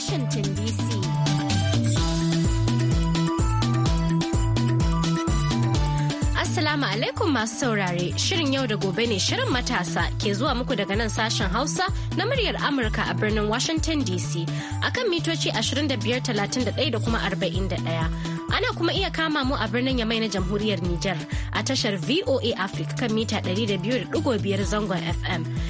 Washington DC. Assalamu alaikum masu saurare, shirin yau da gobe ne shirin matasa ke zuwa muku daga nan sashen Hausa na muryar Amurka a birnin Washington DC a kan mitoci 25,31 da kuma 41. Ana kuma iya kama mu a birnin Yamai na Jamhuriyar Nijar a tashar VOA Africa kan mita 200.5 zangon FM.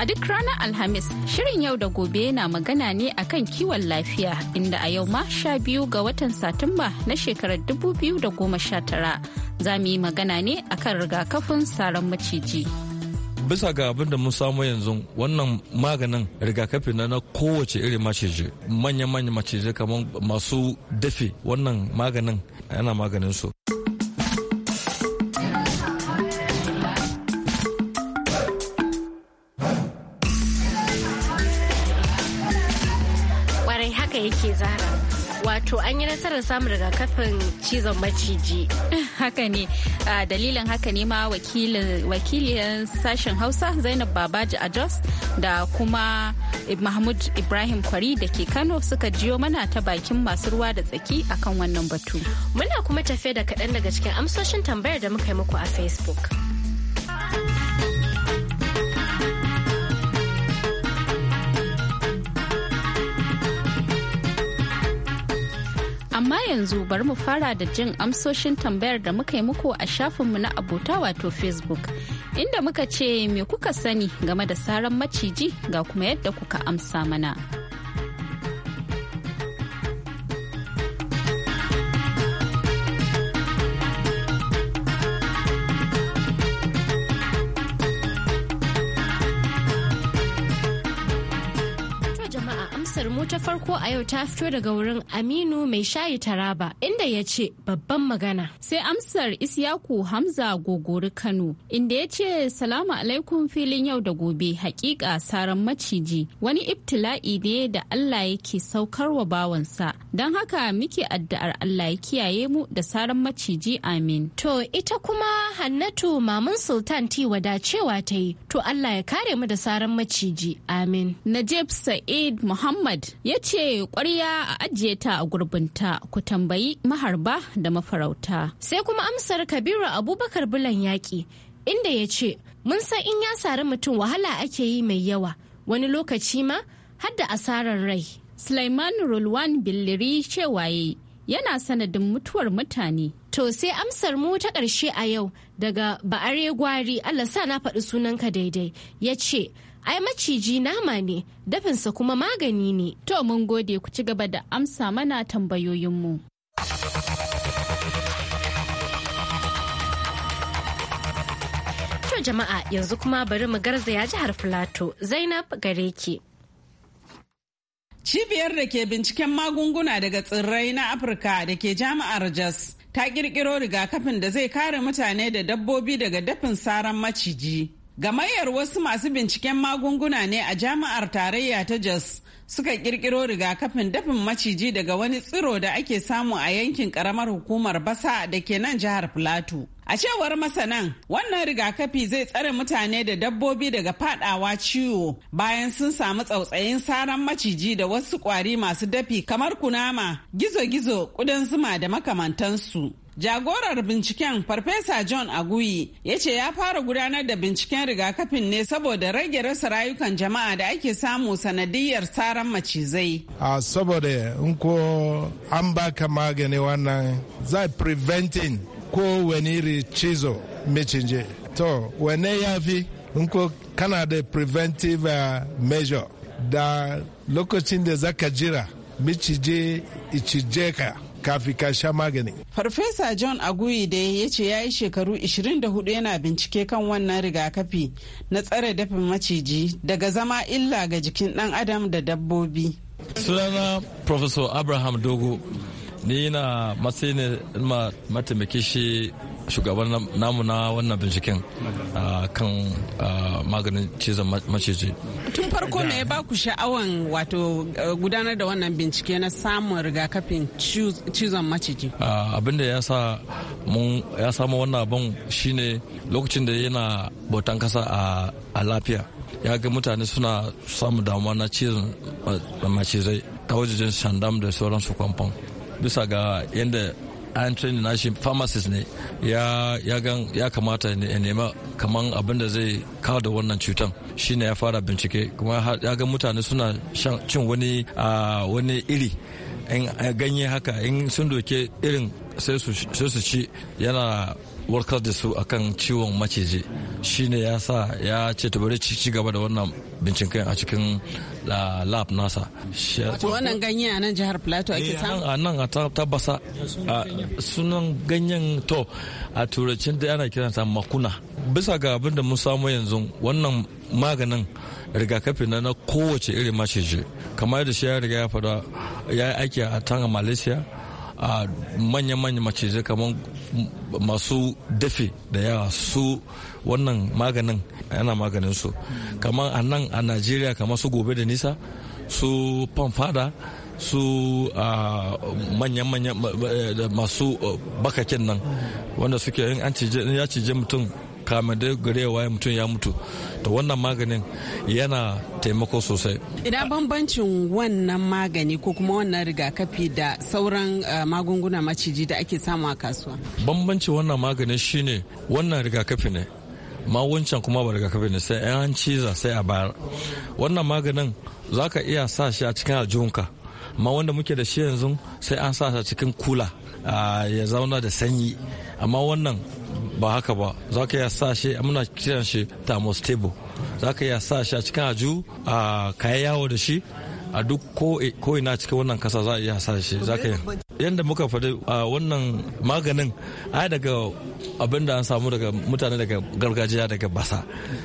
A duk ranar Alhamis, shirin yau da gobe yana magana ne akan kiwon lafiya inda a yau ma sha biyu ga watan Satumba na shekarar dubu biyu da goma sha tara za mu yi magana ne akan rigakafin saran maciji. bisa ga abin da mun samu yanzu wannan maganin rigakafi na kowace irin maciji manya-manya macije kamar masu dafe wannan maganin yana maganin su to an yi nasarar samun rigakafin cizon maciji. haka ne dalilin haka ne ma wakilin sashen hausa zainab babaji a jos da kuma mahmud ibrahim kwari da ke kano suka jiyo mana ta bakin masu ruwa da tsaki akan wannan batu muna kuma tafiya da kaɗan daga cikin amsoshin tambayar da muka yi muku a facebook yanzu bari mu fara da jin amsoshin tambayar da muka yi muku a shafinmu na abota wato Facebook. Inda muka ce me kuka sani game da saran maciji ga kuma yadda kuka amsa mana. a yau ta fito daga wurin Aminu mai shayi Taraba inda ya ce babban magana. Sai amsar Isyaku Hamza Gogori Kano inda ya ce salamu alaikum filin yau da gobe hakika saran maciji wani ibtila'i ne da Allah yake saukar wa bawansa don haka muke addu'ar Allah ya kiyaye mu da saran maciji amin. To ita kuma Hannatu Maman Sultan Tiwada cewa ta yi to Allah ya kare mu da saran maciji amin. Najib Sa'id Muhammad ya ce ce kwarya a ajiye ta a gurbinta ku tambayi maharba da mafarauta. Sai kuma amsar Kabiru Abubakar Bulan yaƙi inda ya ce mun san in ya sari mutum wahala ake yi mai yawa wani lokaci ma har da asarar rai. Sulaiman Rulwan Billiri cewa yana sanadin mutuwar mutane. To sai amsar mu ta ƙarshe a yau daga Ba'are Gwari Allah sa na faɗi sunanka daidai ya ce ai maciji nama ne dafinsa kuma magani ne. To mun gode ku ci gaba da amsa mana tambayoyinmu. To jama'a yanzu kuma bari mu garzaya jihar Filato Zainab gare ki. Cibiyar da ke binciken magunguna daga tsirrai na Afirka da ke jami'ar Jos ta kirkiro rigakafin da zai kare mutane da dabbobi daga dafin saran maciji. Gamayyar wasu masu binciken magunguna ne a jami'ar tarayya ta Jos suka kirkiro rigakafin dafin maciji daga wani tsiro da ake samu a yankin karamar hukumar Basa da ke nan jihar Filato. A cewar masanan, wannan rigakafi zai tsare mutane da dabbobi daga fadawa ciwo bayan sun samu tsautsayin saran maciji da wasu kwari masu dafi kamar kunama, gizo-gizo, kudan zuma da makamantansu. Jagorar binciken Farfesa John Aguyi ya ce ya fara gudanar da binciken rigakafin ne saboda rage rasa rayukan jama'a da ake samu sanadiyar tsaron macizai. A saboda in an baka magani wannan zai preventing ko wani cizo macije. To, wane ya fi in kana da preventive uh, measure da lokacin da zaka jira macije icijeka ka. kafi ka sha magani. Farfesa John Aguyi da ya ce ya yi shekaru 24 yana bincike kan wannan rigakafi na tsare dafin maciji daga zama illa ga jikin ɗan adam da dabbobi. Sunana Professor Abraham Dogo ni na matsayin mataimaki shi shugaban namu na wannan binciken kan maganin cizon maciji. Tun farko me ya ba ku sha'awan wato gudanar da wannan bincike na samun rigakafin cizon maciji? Abin da ya samu wannan abin shine lokacin da yana bautan kasa a lafiya. ya ga mutane suna samun damuwa na cizon macizai ta wajen shandam da sauransu kwamfan bisa ga yadda an train nashi pharmacist ne ya ya kamata ya nema kaman abin da zai kawo da wannan cutan shine ya fara bincike kuma ya ga mutane suna cin wani wani iri in ganye haka in sun doke irin sai su ci yana warkar da su akan ciwon maciji shine ya sa ya ce ta bari ci gaba da wannan binciken a cikin lab nasa wato wannan ganye a nan jihar plateau ake eh, samu a nan a tabbasa sunan ganyen to a turancin da ana ta makuna bisa ga abin da mun samu yanzu wannan maganin rigakafi na na kowace irin maciji kamar da shi ya riga ya fada ya yi aiki a tanga malaysia a manya-manya zai kaman masu dafe da yawa su wannan maganin yana maganin su kamar a nan a najeriya kamar su gobe da nisa su fada su manya-manya eh, masu eh, bakakin nan wanda suke yin ya cije mutum kamin da gare waye mutum ya mutu to wannan maganin yana taimako sosai idan bambancin wannan magani ko kuma wannan rigakafi da sauran eh, magunguna maciji da ake samu a kasuwa bambancin wannan maganin shine wannan rigakafi ne ma wancan kuma ba rigakafi ne sai an ciza sai a bayar wannan maganin za ka iya sa shi a cikin aljihunka amma wanda muke da shi yanzu sai an sa shi cikin kula ah, ya zauna da sanyi amma wannan ba haka ba za ka iya sa shi muna kiran shi thermostable za ka iya sa shi a cikin aju a kaya yawo da shi a duk ko ina cikin wannan kasa za a iya sa shi za ka yadda muka faɗi a wannan maganin ai daga abin da an samu daga mutane daga gargajiya daga basa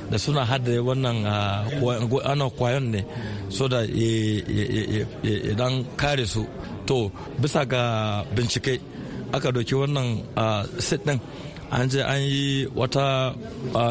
da suna hada wannan ana kwayon ne so da idan kare su to bisa ga bincike aka doki wannan sit din an je an yi wata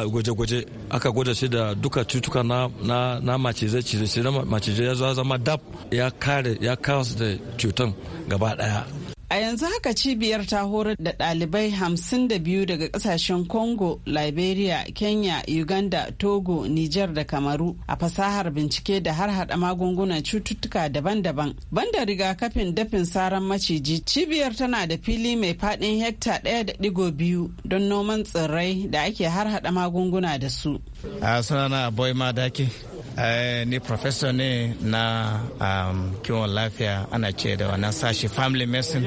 gwaje-gwaje aka gwada shi da duka cutuka na macizai-cizai na macizai ya zama dab ya kare ya kawo da cutan gaba daya A yanzu haka cibiyar ta horar da ɗalibai hamsin da biyu daga ƙasashen Congo, Liberia, Kenya, Uganda, Togo, Nijar da Kamaru a fasahar bincike da har hada magungunan cututtuka daban-daban. Banda rigakafin dafin saran maciji, cibiyar tana da fili mai faɗin hekta ɗaya da ɗigo biyu don noman tsirrai da ake har hada magunguna da su. A na Boy Madaki. Uh, ni professor ne na um, kiwon lafiya ana ce da wannan sashi family medicine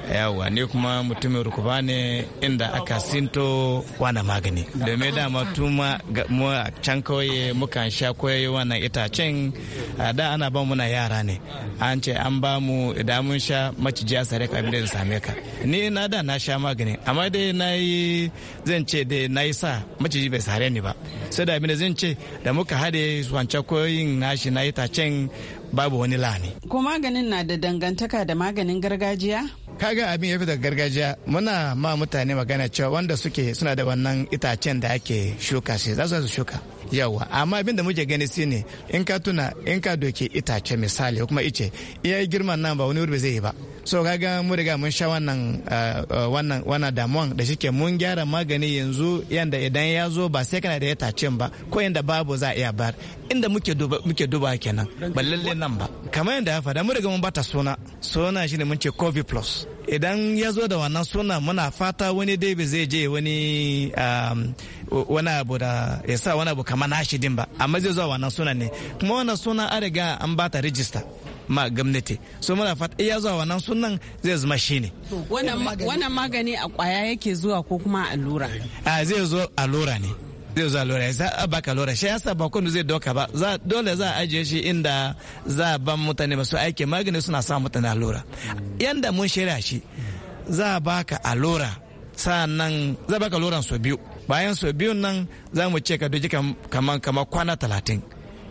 yawa ne kuma mutumin rukuba ne inda aka sinto wana magani domin dama tuma mu a can kawai mukan sha koyayi wannan itacen da ana ba muna yara ne an ce an ba mu idan sha maciji a sare kabila da same ka ni na da na sha magani amma dai na yi zan ce dai na yi sa maciji bai sare ni ba sai da abin da zan ce da muka hade wancan koyin nashi na itacen babu wani lani ko maganin na da dangantaka da maganin gargajiya kaga abin ya fi daga gargajiya muna ma mutane magana cewa wanda suke suna da wannan itacen da ake shuka shi za su shuka yawa amma abin da muke gani shine in ka tuna in ka doke itace misali kuma ice iya girman nan ba wani wuri zai yi ba so kaga mu riga mun sha wannan uh, uh, wannan wannan damuwan da shike mun gyara magani yanzu yanda idan ya zo ba sai kana da ya tace ba ko yanda babu za a iya bar inda muke duba muke duba kenan ba lalle nan ba kamar yanda ya faɗa mu riga mun bata suna suna shine mun ce covid plus idan ya zo da wannan suna muna fata wani dai zai je wani um, wani abu da ya sa wani abu kamar nashi din ba amma zai zo wannan suna ne kuma wannan suna an riga an bata register. ma gwamnati so muna fata iya zuwa wannan sunan zai zama shi ne wannan magani a kwaya yake zuwa ko kuma allura a ah, zai zo allura ne zai zo allura sa a baka allura shi sa ba kunu zai doka ba dole za a ajiye shi inda za a ban mutane masu aiki magani suna sa mutane allura yanda mun shirya shi za a baka allura sannan za a baka alluran sau biyu bayan sau biyun nan za mu ce ka doji kamar kwana talatin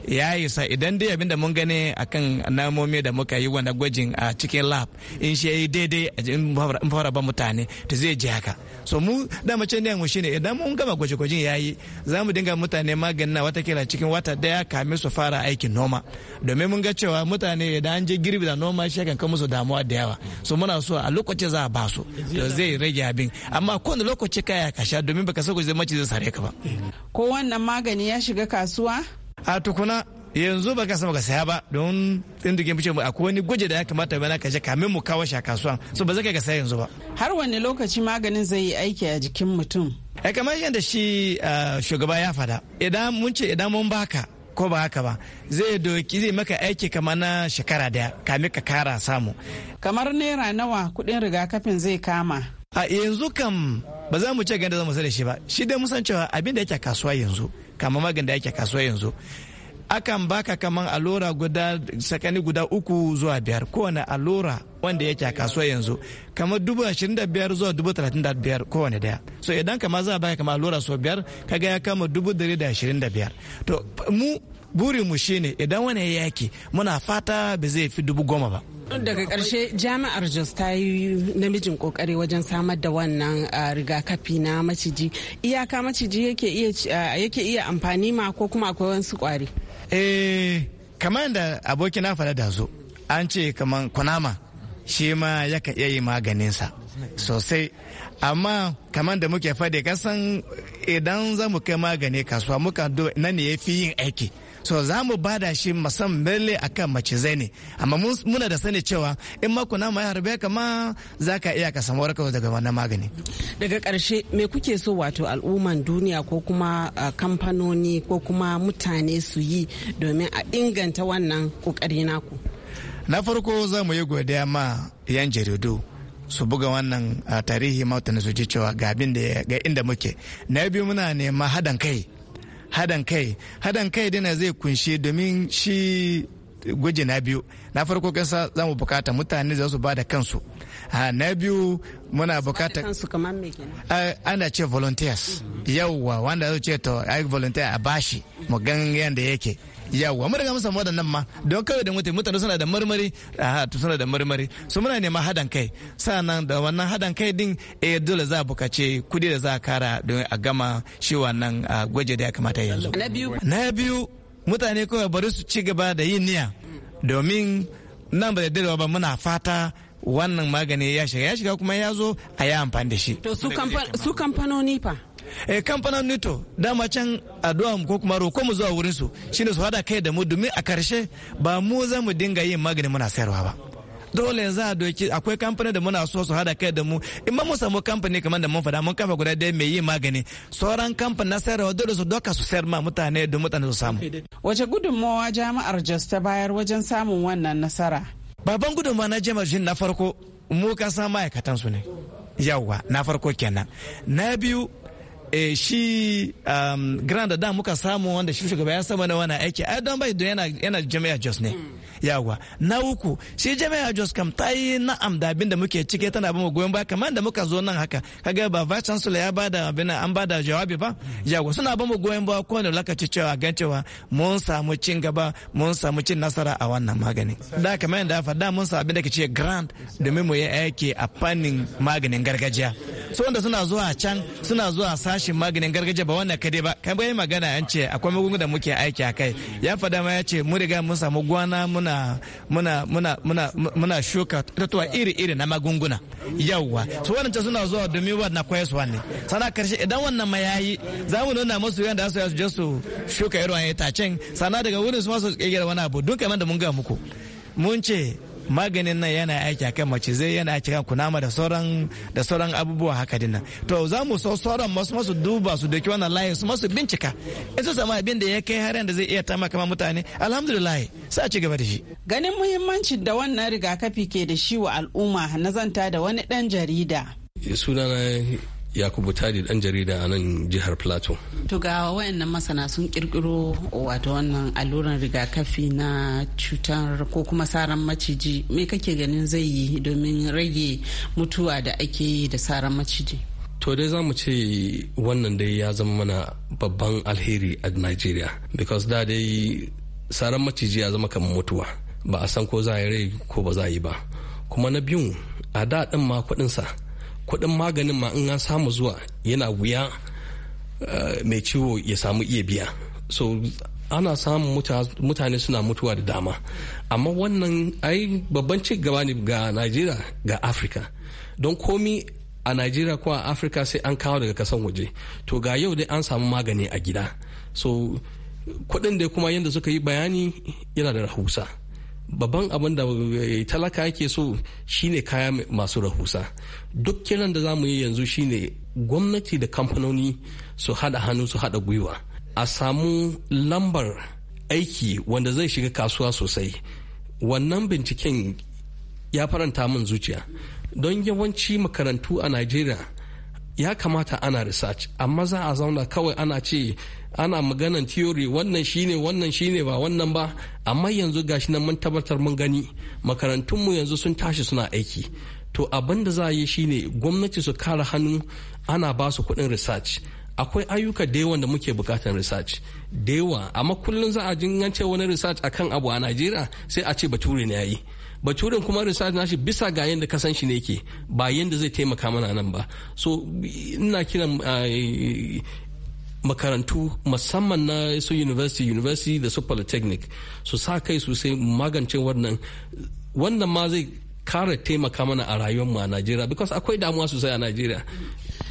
ya isa idan dai abinda mun gani akan namomi da muka yi wani gwajin a cikin lab in shi yi daidai a in fara ba mutane to zai ji haka so mu da mace ne mu shine idan mun gama gwaje-gwajin yayi za mu dinga mutane maganin na watakila cikin wata daya kamin su fara aikin noma domin mun ga cewa mutane idan an je girbi da noma shi kan musu damuwa da yawa so muna so a lokaci za a ba su to zai rage abin amma kowane lokaci kaya kasha domin baka sako zai mace zai sare ka ba ko wannan magani ya shiga kasuwa a tukuna yanzu ba ka sama saya ba don tsindigin fice mu akwai wani gwaje da ya kamata bana ka je kamin mu kawo shi a kasuwa so ba zai ka saya yanzu ba har wani lokaci maganin zai yi aiki a jikin mutum ya e, kamar yadda shi shugaba ya fada idan mun ce idan mun baka ko ba haka ba zai doki zai maka aiki kamar na shekara daya kamin ka kara samu kamar naira nawa kudin rigakafin zai kama a yanzu kam ba za mu ce ganda za mu da shi ba shi dai musan cewa abin da yake kasuwa yanzu kama magani da yake kasuwa yanzu akan baka kaman alora guda sakani guda uku zuwa biyar kowane alora wanda yake a kasuwa yanzu kamar dubu ashirin da biyar zuwa dubu talatin da biyar kowane daya so idan kama za a baka kamar alora so biyar kaga ya kama dubu dari da ashirin da biyar to mu burin mu shine idan wani yaki muna fata ba zai fi dubu goma ba daga karshe jami'ar jos ta yi namijin kokari wajen samar da wannan ah, rigakafi na maciji iyaka maciji ah, yake iya amfani ma ko kuma akwai wasu kwari eh kamar da aboki na faɗa da zo an ce kamar kunama shi ma yakan iya yi maganinsa sosai amma kamar da muke faɗi kasan idan za mu kai magani kasuwa muka do nan ne ya fi yin aiki so za mu bada shi musamman akan mace zai ne amma muna da sani cewa in mako na ma harbe kama za ka iya ka samu warkarwa daga wannan magani daga karshe me kuke so wato al'umman duniya ko kuma kamfanoni ko kuma mutane su yi domin a inganta wannan kokari naku na farko za mu yi godiya ma yan jaridu su buga wannan tarihi mautan su ji cewa ga abin da ga inda muke na biyu muna neman haɗin kai haɗin kai haɗin kai dina zai kunshe domin shi gwaji na biyu na farko kansa za mu bukata mutane za su ba da kansu na biyu muna bukata ana ce volunteers yauwa wanda zai ce to ai volunteer a bashi mu gan yadda yake yawa mun riga mun samu waɗannan ma don kawai da mutane mutane suna da marmari a suna da marmari su muna neman haɗin kai sannan da wannan haɗin kai din eh dole za a bukace kuɗi da za a kara don a gama shi wannan gwaje da ya kamata yanzu na biyu mutane kawai bari su ci gaba da yin niyya domin nan ba da dadewa ba muna fata wannan magani ya shiga ya shiga kuma ya zo a yi amfani da shi to su kamfanoni fa eh kamfanin nito dama can addu'a ko kuma roko mu zuwa wurin su shine su hada kai da mu domin a karshe ba mu za mu dinga yin magani muna sayarwa ba dole yanzu a doki akwai kamfanin da muna so su hada kai da mu in ma mu samu kamfani kamar da mun faɗa mun kafa guda ɗaya mai yin magani sauran kamfan na sayarwa dole su doka su sayar ma mutane don mutane su samu. wace gudunmawa jami'ar jos ta bayar wajen samun wannan nasara. baban gudunmawa na jami'ar jin na farko mu ka sa ma'aikatan su ne yawwa na farko kenan na biyu eh shi um, grand da muka samu wanda shi shugaba ya sama na wani aiki ai don bai don yana jami'a jos ne yawa na uku shi jami'a jos kam ta yi na'am da abin da muke cike tana ba mu goyon baya kamar da muka zo nan haka kaga ba vice chancellor ya ba da abin an ba da jawabi ba yawa suna ba mu goyon baya ne lokaci cewa gan cewa mun samu cin gaba mun samu cin nasara a wannan magani da kamar yadda faɗa mun samu abin da ke ce grant domin mu yi aiki a fannin maganin gargajiya so wanda suna zuwa can suna zuwa sashin maganin gargajiya ba wannan kade ba kai bai magana an ce akwai magungunan da muke aiki a kai ya faɗa ma ya ce mu riga mun samu gwana muna muna muna muna muna muna shuka itatuwa iri-iri na magunguna yawwa su wannan suna zuwa domin wa na koyarwa ne sana karshe idan wannan ma yayi za mu nuna musu yadda su je su shuka irin itacen sana daga wurin su masu su kirkira wani abu dukkan kamar da mun ga muku mun ce maganin nan yana aiki akan mace zai yana aiki kan kunama da sauran da sauran abubuwa haka dinnan to za mu so sauran masu masu duba su doki wannan layin su masu bincika in su samu abin da ya kai har da zai iya taimaka ma mutane alhamdulillah sai a ci gaba da shi ganin muhimmancin da wannan rigakafi ke da shi wa al'umma na zanta da wani dan jarida sunana yakubu tadi dan jarida a nan jihar plateau to ga wayannan masana sun kirkiro wato wannan alluran rigakafi na cutar ko kuma saran maciji me kake ganin zai yi domin rage mutuwa da ake yi da saran maciji to dai za mu ce wannan dai ya zama mana babban alheri a nigeria because da dai saran maciji ya zama kan mutuwa ba a san ko za a yi rai ko ba za a yi ba kuma na biyun a da ɗin ma kuɗinsa kuɗin maganin ma in an samu zuwa yana wuya eh, mai ciwo ya samu iya biya so ana samun mutane suna mutuwa da dama amma wannan ai babban ci gaba ne ga najeriya ga afirka don komi a najeriya ko a afirka sai an kawo daga kasan waje to ga yau dai an samu magani a gida so kudin da kuma yadda suka yi bayani yana da rahusa babban abin da eh, talaka yake so shine kaya masu rahusa duk kiran da zamu yi yanzu shine gwamnati da kamfanoni su haɗa hannu su haɗa gwiwa a samu lambar aiki wanda zai shiga kasuwa sosai wannan binciken ya faranta min zuciya don yawanci makarantu a najeriya ya kamata ana research amma za a zauna kawai ana ce ana maganan theory wannan shine wannan shine ba wannan ba amma yanzu gashi nan mun tabbatar mun gani makarantunmu yanzu sun tashi suna aiki to abin da za a yi shine gwamnati su kara hannu ana ba su kuɗin research akwai ayyuka da yawan da muke bukatar research da yawa amma kullum za a jingance wani research akan abu a najeriya sai a ce bature ne ya yi baturen kuma na shi bisa ga yadda ka shi ne yake ba yadda zai taimaka mana nan ba so ina kira eh, makarantu musamman na su university university da su polytechnic su sa kai sosai magance wannan wannan ma zai kara taimaka mana a rayuwar mu a Najeriya because akwai damuwa sosai a Najeriya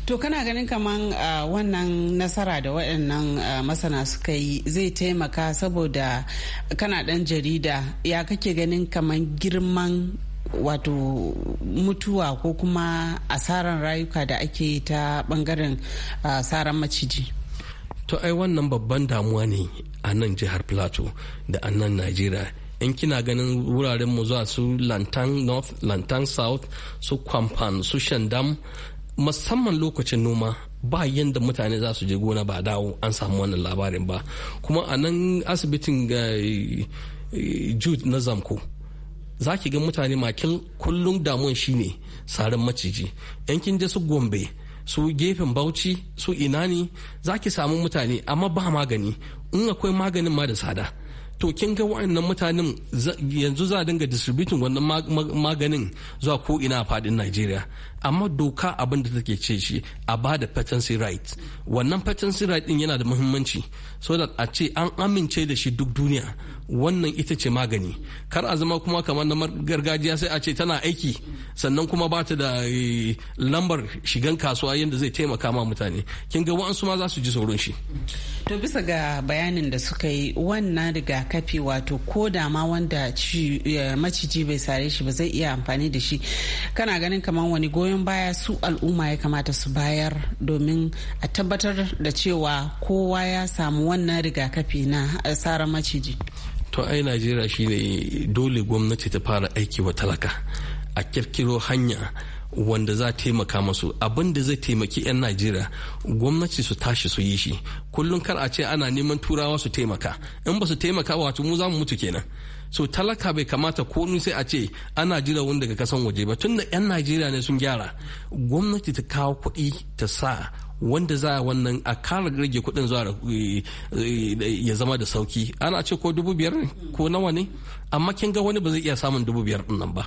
To kana ganin kaman ah, wannan nasara da waɗannan ah, masana suka yi zai taimaka saboda kana ɗan jarida ya kake ganin kaman girman wato mutuwa ko kuma asaran rayuka da ake ta ɓangaren uh, saran maciji. To ai wannan babban damuwa ne a nan jihar Plateau da a nan Najeriya. in kina ganin wuraren mu zuwa su lantan north lantan south su kwamfan su shandam musamman lokacin noma ba yadda mutane za su je gona ba dawo an samu wannan labarin ba kuma a nan asibitin eh, eh, jude na zamko za ki ga mutane makil kullum damuwan shine sarin maciji yan kin je su gombe su gefen bauchi su ina ne za ki samu mutane amma ba magani in akwai maganin ma da tsada to kin ga wa'annan mutanen yanzu za a dinga distributing wannan maganin zuwa ko ina a fadin Najeriya amma doka abin da take ce shi a ba da patency right wannan patency right din yana da muhimmanci so that a ce an amince da shi duk duniya wannan ita ce magani kar a zama kuma kamar na gargajiya sai a ce tana aiki sannan kuma ba ta da eh, lambar shigan kasuwa yadda zai taimaka ma mutane kin ga wa'ansu ma za su ji tsoron shi to bisa ga bayanin da suka yi wannan rigakafi wato ko da ma wanda eh, maciji bai sare shi ba zai iya amfani da shi kana ganin kamar wani goyon goyon baya su al'umma ya kamata su bayar domin a tabbatar da cewa kowa ya samu wannan rigakafi na asarar maciji to ai najeriya shine dole gwamnati ta fara aiki wa talaka a kirkiro hanya wanda za taimaka masu abin da zai taimaki 'yan najeriya gwamnati su tashi su yi shi kullum kar a ce ana neman turawa su taimaka in ba su taimaka wato mu za mu mutu kenan so talaka bai kamata komi sai a ce ana jira wani daga kasan waje ba tunda 'yan najeriya ne sun gyara gwamnati ta kawo kuɗi ta sa wanda za a wannan a kara rage kuɗin zuwa eh, ya zama da sauki ana ce ko dubu biyar ne ko nawa ne amma kin ga wani ba zai iya samun dubu biyar dinnan ba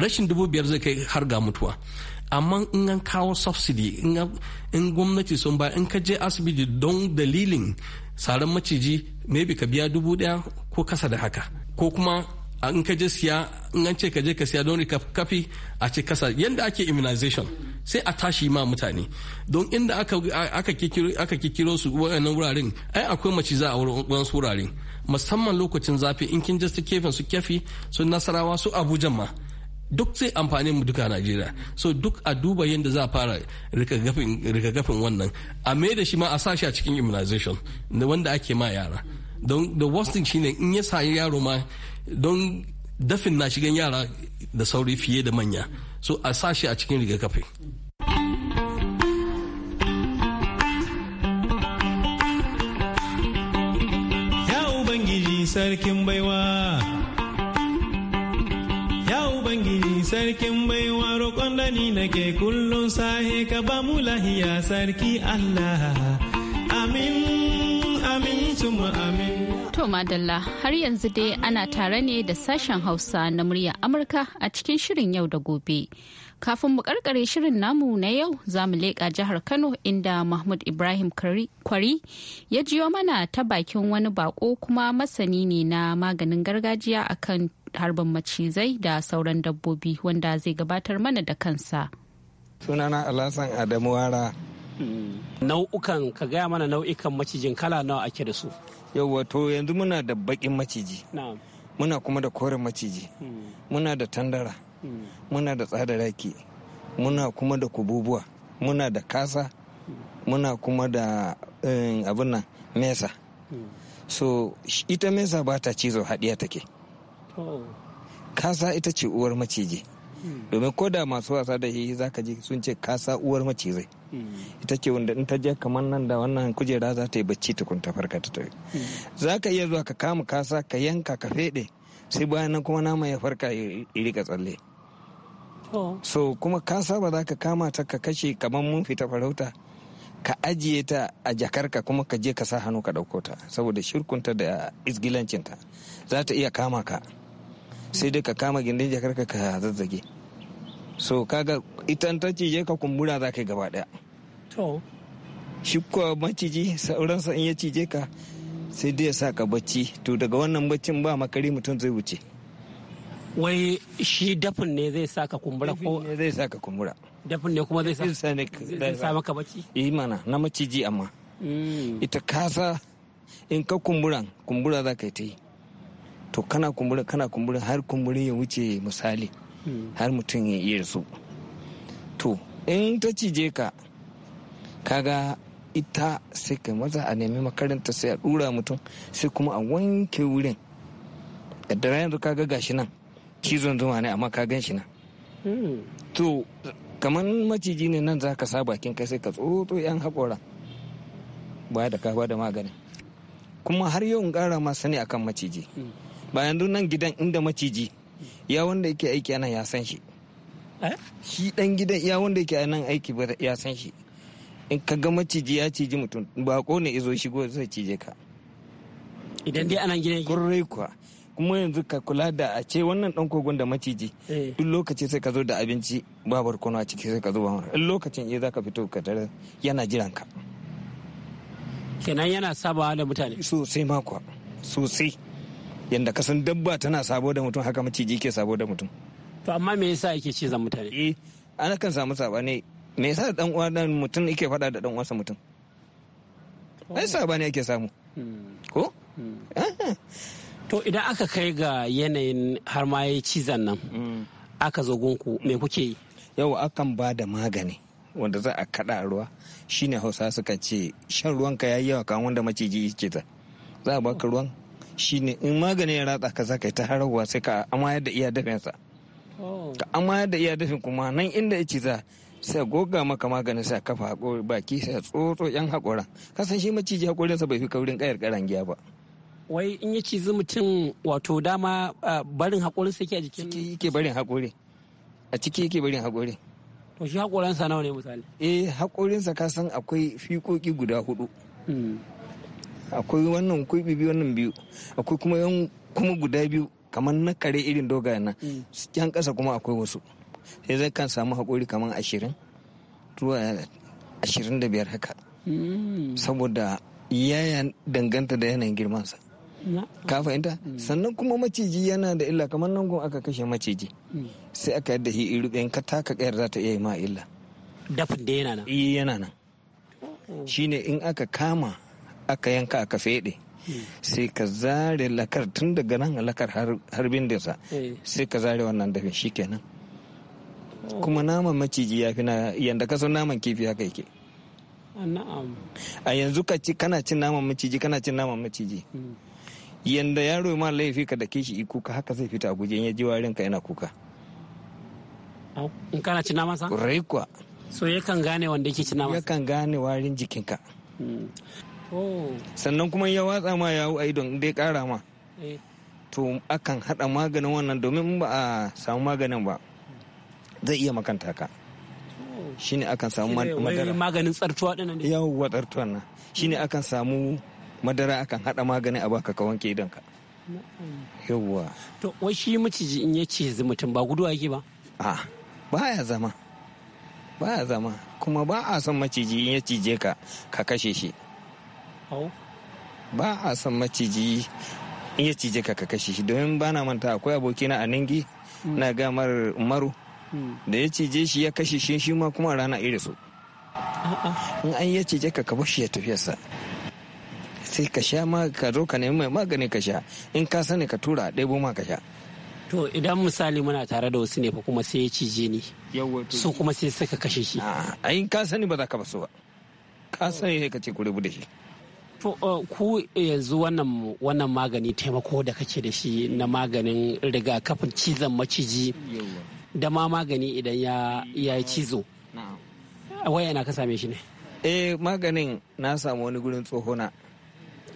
rashin dubu biyar zai kai har ga mutuwa amma in an kawo subsidy in gwamnati sun ba in ka je asibiti don dalilin saran maciji bi ka biya dubu daya ko kasa da haka ko kuma in ka je siya in an ce ka je ka siya don kafi a ce kasa yadda ake immunization sai a tashi ma mutane don inda aka kikiro su wayannan wuraren ai akwai maciza a wurin wuraren musamman lokacin zafi in kin je su kefen su kyafi su nasarawa su abuja ma duk sai amfani mu duka Najeriya so duk a duba yadda za a fara rigakafin wannan a mai da shi ma a sashi a cikin immunization wanda ake ma yara don the worst thing shine in ya sa yaro ma don dafin na shigan yara da sauri fiye da manya so a sa shi a cikin rigakafi ya ubangiji sarkin baiwa ya ubangiji sarkin baiwa roƙon da ni nake kullum sahe ka ba mu lahiya sarki allah amin amin mu amin. To Madalla har yanzu dai ana tare ne da sashen Hausa na murya Amurka a cikin shirin yau da gobe. Kafin mu karkare shirin namu na yau za mu leƙa jihar Kano inda Mahmud Ibrahim Kwari ya jiyo mana ta bakin wani bako kuma masani ne na maganin gargajiya akan harbin macizai da sauran dabbobi wanda zai gabatar mana da kansa. Sunana Alasan Adamu Wara nau'ukan ka gaya mana nau'ikan macijin kala nawa ake da su yauwa to yanzu muna da bakin maciji muna kuma da koren maciji hmm. muna da tandara hmm. muna da tsadaraki muna kuma da kububuwa muna da kasa hmm. muna kuma da eh, abin nan mesa so ita mesa ba ta cizo haɗiya take kasa ita ce uwar maciji domin koda masu wasa da shi za ka ji sun ce kasa uwar macizai ita ce wanda in ta je kamar nan da wannan kujera za ta yi bacci tukun ta farka ta tafi za ka iya zuwa ka kama kasa ka yanka ka feɗe sai bayan nan kuma nama ya farka ya rika tsalle so kuma kasa ba za ka kama ta ka kashe kamar mun fita farauta ka ajiye ta a jakarka kuma ka je ka sa hannu ka ɗauko ta saboda shirkunta da isgilancinta za ta iya kama ka sai dai ka kama gindin jakarka ka zazzage so kaga ita ta ce je ka kumbura za ka yi gaba ɗaya To. Shi kuwa maciji sauransa in ya cije ka sai dai ya sa ka bacci to daga wannan baccin ba makari mutum zai wuce. Wai shi dafin ne zai sa ka kumbura ko? Dafin ne zai sa ka kumbura. Dafin ne kuma zai sa maka bacci? Yi eh, mana na maciji amma. Mm. Ita kasa in ka kumbura kumbura za ka yi ta yi. To kana kumbura kana kumbura har kumburi ya wuce misali mm. har mutum ya iya su. To in ta cije ka kaga ita sai ka maza a nemi makaranta sai a dura mutum sai kuma a wanke wurin da yanzu kaga gashi nan cizon zuma ne amma ka gan shi nan hmm. to kamar maciji ne nan za ka sa bakin kai sai ka tsotso yan haƙora ba da ka ba da magani kuma har yau in ƙara ma sani akan maciji hmm. ba yanzu nan gidan inda maciji ya wanda yake aiki nan ya san shi eh? shi dan gidan ya wanda yake nan aiki ya san shi in ka ga maciji ya ciji mutum bako ne izo shigo zai cije ka idan dai ana gina kurrai kuwa kuma yanzu ka kula da a ce wannan dan kogon da maciji eh. duk lokaci sai ka zo da abinci ba barkono a ciki sai ka zo mana in lokacin ya zaka fito ka tare yana jiran ka kenan yana sabawa da mutane sosai ma kuwa sosai yanda ka san dabba tana sabo da mutum haka maciji ke sabo da mutum to amma me yasa yake ce zan mutane eh ana kan samu sabani me yasa dan uwa dan mutum yake faɗa da dan uwansa mutum ai oh. ne ake samu hmm. ko hmm. to idan aka kai ga yanayin har ma yayi cizan nan hmm. aka zo gunku me kuke yi yau akan ba da magani wanda za a kada ruwa shine hausa suka ce shan ruwanka yayi yawa kan wanda maciji yake ta za a baka ruwan shine in magani ya ratsa ka za ka yi ta harawa sai ka amayar da iya sa oh. ka amayar da iya dafin kuma nan inda ya ciza sai goga maka maganin sai kafa hakori baki sai tsotso yan hakora kasan shi maciji hakorinsa bai fi kaurin kayar karangiya ba wai in ya cizi mutum wato dama barin hakorin sai ke a jikin ciki yake barin hakori a ciki yake barin hakori to shi sa nawa ne misali eh hakorinsa kasan akwai fikoki guda hudu hmm. akwai wannan kuɓi biyu wannan biyu akwai kuma yan kuma guda biyu kamar na kare irin dogayen nan hmm. yan kasa kuma akwai wasu sai zai kan samu haƙuri kamar ashirin zuwa ashirin da biyar haka hmm. saboda yaya danganta da yanayin girmansa ka fahimta hmm. sannan kuma maciji yana da illa kamar nan gun aka kashe maciji hmm. sai aka yadda shi iri ɗayan ka taka kayar za ta iya yi ma illa dafin da yana nan iya eh, yana nan oh. shine in aka kama aka yanka aka fede sai ka zare lakar tun daga nan lakar harbin da sa eh. sai ka zare wannan dafin shikenan kuma naman maciji ya fi na yanda ka san naman kifi haka yake ah, a yanzu ka ci kana cin naman maciji kana cin naman maciji hmm. yanda yaro ma laifi ka da kishi ikuka haka zai fita a guje ya ji warin ka yana kuka in kana cin naman sa rai kuwa so yakan gane wanda yake cin naman yakan gane warin jikinka hmm. sannan kuma ya watsa ma yawo a idon dai kara ma eh. to akan hada maganin wannan domin ba a samu maganin ba zai iya makanta ka shi ne akan samu madara maganin tsartuwa ne yawwa nan hmm. akan samu madara akan hada magani a baka ka wanke idan ka yawwa to wai shi maciji in yace mutum ba guduwa yake ba a baya zama baya zama kuma ba a son maciji in ya cije ka ka kashe shi ba a son maciji in ya cije ka ka kashe shi domin bana manta akwai abokina a ningi hmm. na gamar maro. da ya cije shi ya kashe shi shi ma kuma rana iri su in an ya cije ka ka shi ya tafiyarsa sai ka sha ma ka zo ka nemi mai magani ka sha in ka sani ka tura ɗebo ma ka sha to idan misali muna tare da wasu ne fa kuma sai ya cije ni su kuma sai suka kashe shi a in ka sani ba za ka basu ba ka sani ne ka ce ku rubu da shi eh, ku yanzu wannan wannan magani taimako da kake da shi na maganin rigakafin cizon maciji da ma magani idan ya cizo waya na ka same shi ne eh maganin na samu wani gurin tsohona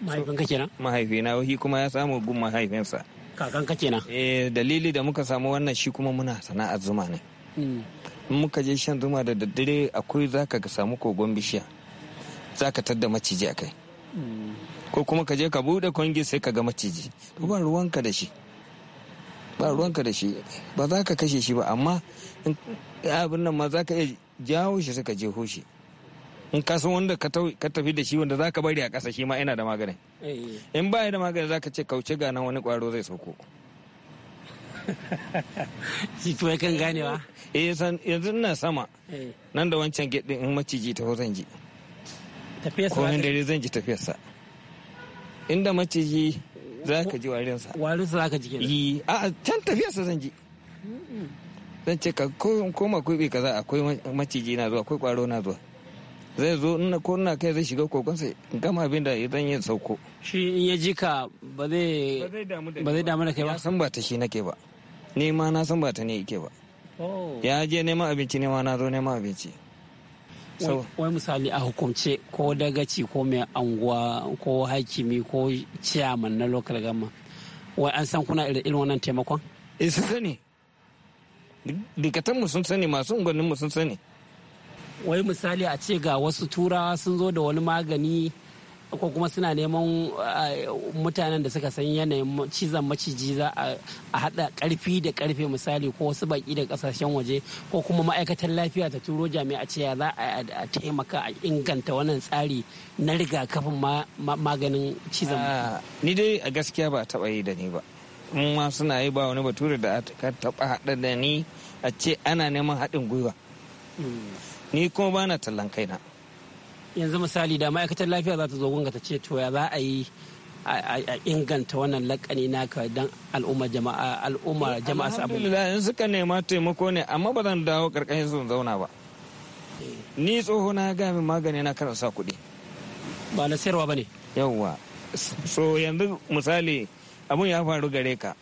mahaifinka kenan mahaifina wahi kuma ya samu gun mahaifinsa kakanka kenan eh dalili da muka samu wannan shi kuma muna sana'ar zuma ne hmm. muka je shan zuma da daddare akwai zaka ka samu kogon bishiya zaka tadda maciji a kai hmm. ko kuma ka je ka bude kwangi sai ka ga maciji ruwan ruwanka da shi ba ruwanka da shi ba za ka kashe shi ba amma abin nan ma za ka iya jawo shi suka jeho shi in ka san wanda ka tafi da shi wanda za ka bari a ƙasa shi ma yana da maganin eh. in ba da maganin za ka ce kauce ga nan wani ƙwaro zai sauko shi tuwai kan ganewa eh yanzu ina sama eh. nan da wancan gidi in maciji ta zan ji tafiyarsa ko dare zan ji tafiyarsa inda maciji za ka ji sa warin sa zaka ji eh a can tafiyarsa zan ji zan ce ka koma kuɓi kaza akwai maciji na zuwa akwai ƙwaro na zuwa zai zo ina ko ina kai zai shiga kokonsa in gama abin da idan ya sauko shi in ya ji ka ba zai ba zai damu da kai ba san ba ta shi nake ba ma na san ba ta ne yake ba oh. ya je neman abinci ma na zo neman abinci wai misali a hukumce ko dagaci ko mai anguwa ko hakimi ko ciyaman na lokal gama wai an san kuna irin wannan taimakon eh sun sani dikatanmu sun sani masu unguwanninmu sun sani wai misali a ce ga wasu turawa sun zo da wani magani ko kuma suna neman eh, mutanen da suka san yanayin cizon maciji za a haɗa karfi da karfe misali ko wasu baƙi da kasashen waje ko kuma ma'aikatan lafiya ta turo jami'a ce ya za a taimaka a inganta wannan tsari na rigakafin maganin cizon ah, ni dai a gaskiya ba taɓa yi da ni ba in ma suna yi ba wani bature da ka taɓa haɗa da ni a ce ana neman haɗin gwiwa hmm. ni kuma ba na tallan kaina yanzu misali da ma'aikatar lafiya za ta zo gunga ta ce to ya za a yi a inganta wannan lakani naka don al'umma jama'a al'umma eh, jama'a su alhamdulillah yanzu suka nema taimako ne amma ba zan dawo karkashin sun zauna ba eh. ni tsoho na ga min magani na karan sa kuɗi ba na sayarwa ba ne yawwa so yanzu misali abun ya faru gare ka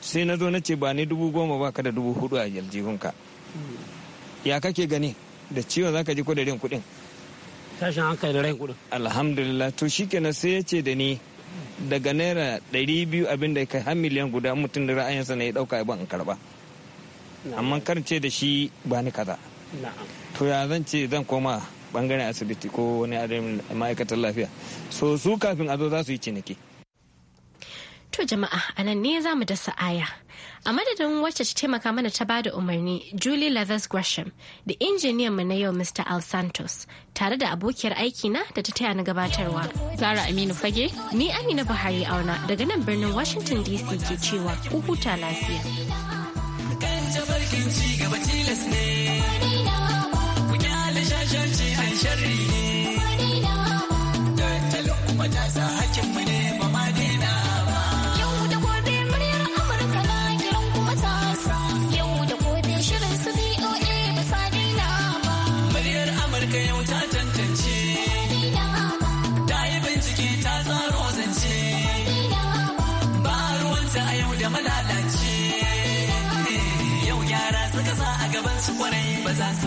sai na zo na ce ba ni dubu goma ba ka da dubu hudu a yaljihunka hmm. ya kake gani da ciwon zaka ji kudarin kuɗin tashin hankali da rahin kuɗin alhamdulillah to sai ya ce da ni daga naira ɗari biyu abin da kai har miliyan guda mutum da ra'ayinsa na ya ɗauka ya ban in karɓa amma kar ce da shi ba ni kaza to ya zan ce zan koma bangaren asibiti ko wani ma'aikatar lafiya so su kafin a zo za su yi ciniki to jama'a anan ne za mu dasa aya A madadin wacce ta taimaka mana ta bada umarni Julie Leathers Gresham da injiniyan mu na yau Mr. Al Santos tare da abokiyar aiki na da ta taya na gabatarwa. Zara Aminu Fage, ni Amina Buhari auna daga nan birnin Washington DC ke cewa kuhuta lafiya.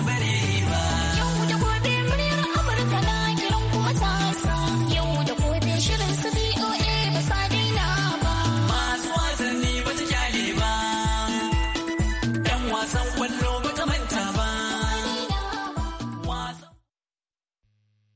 many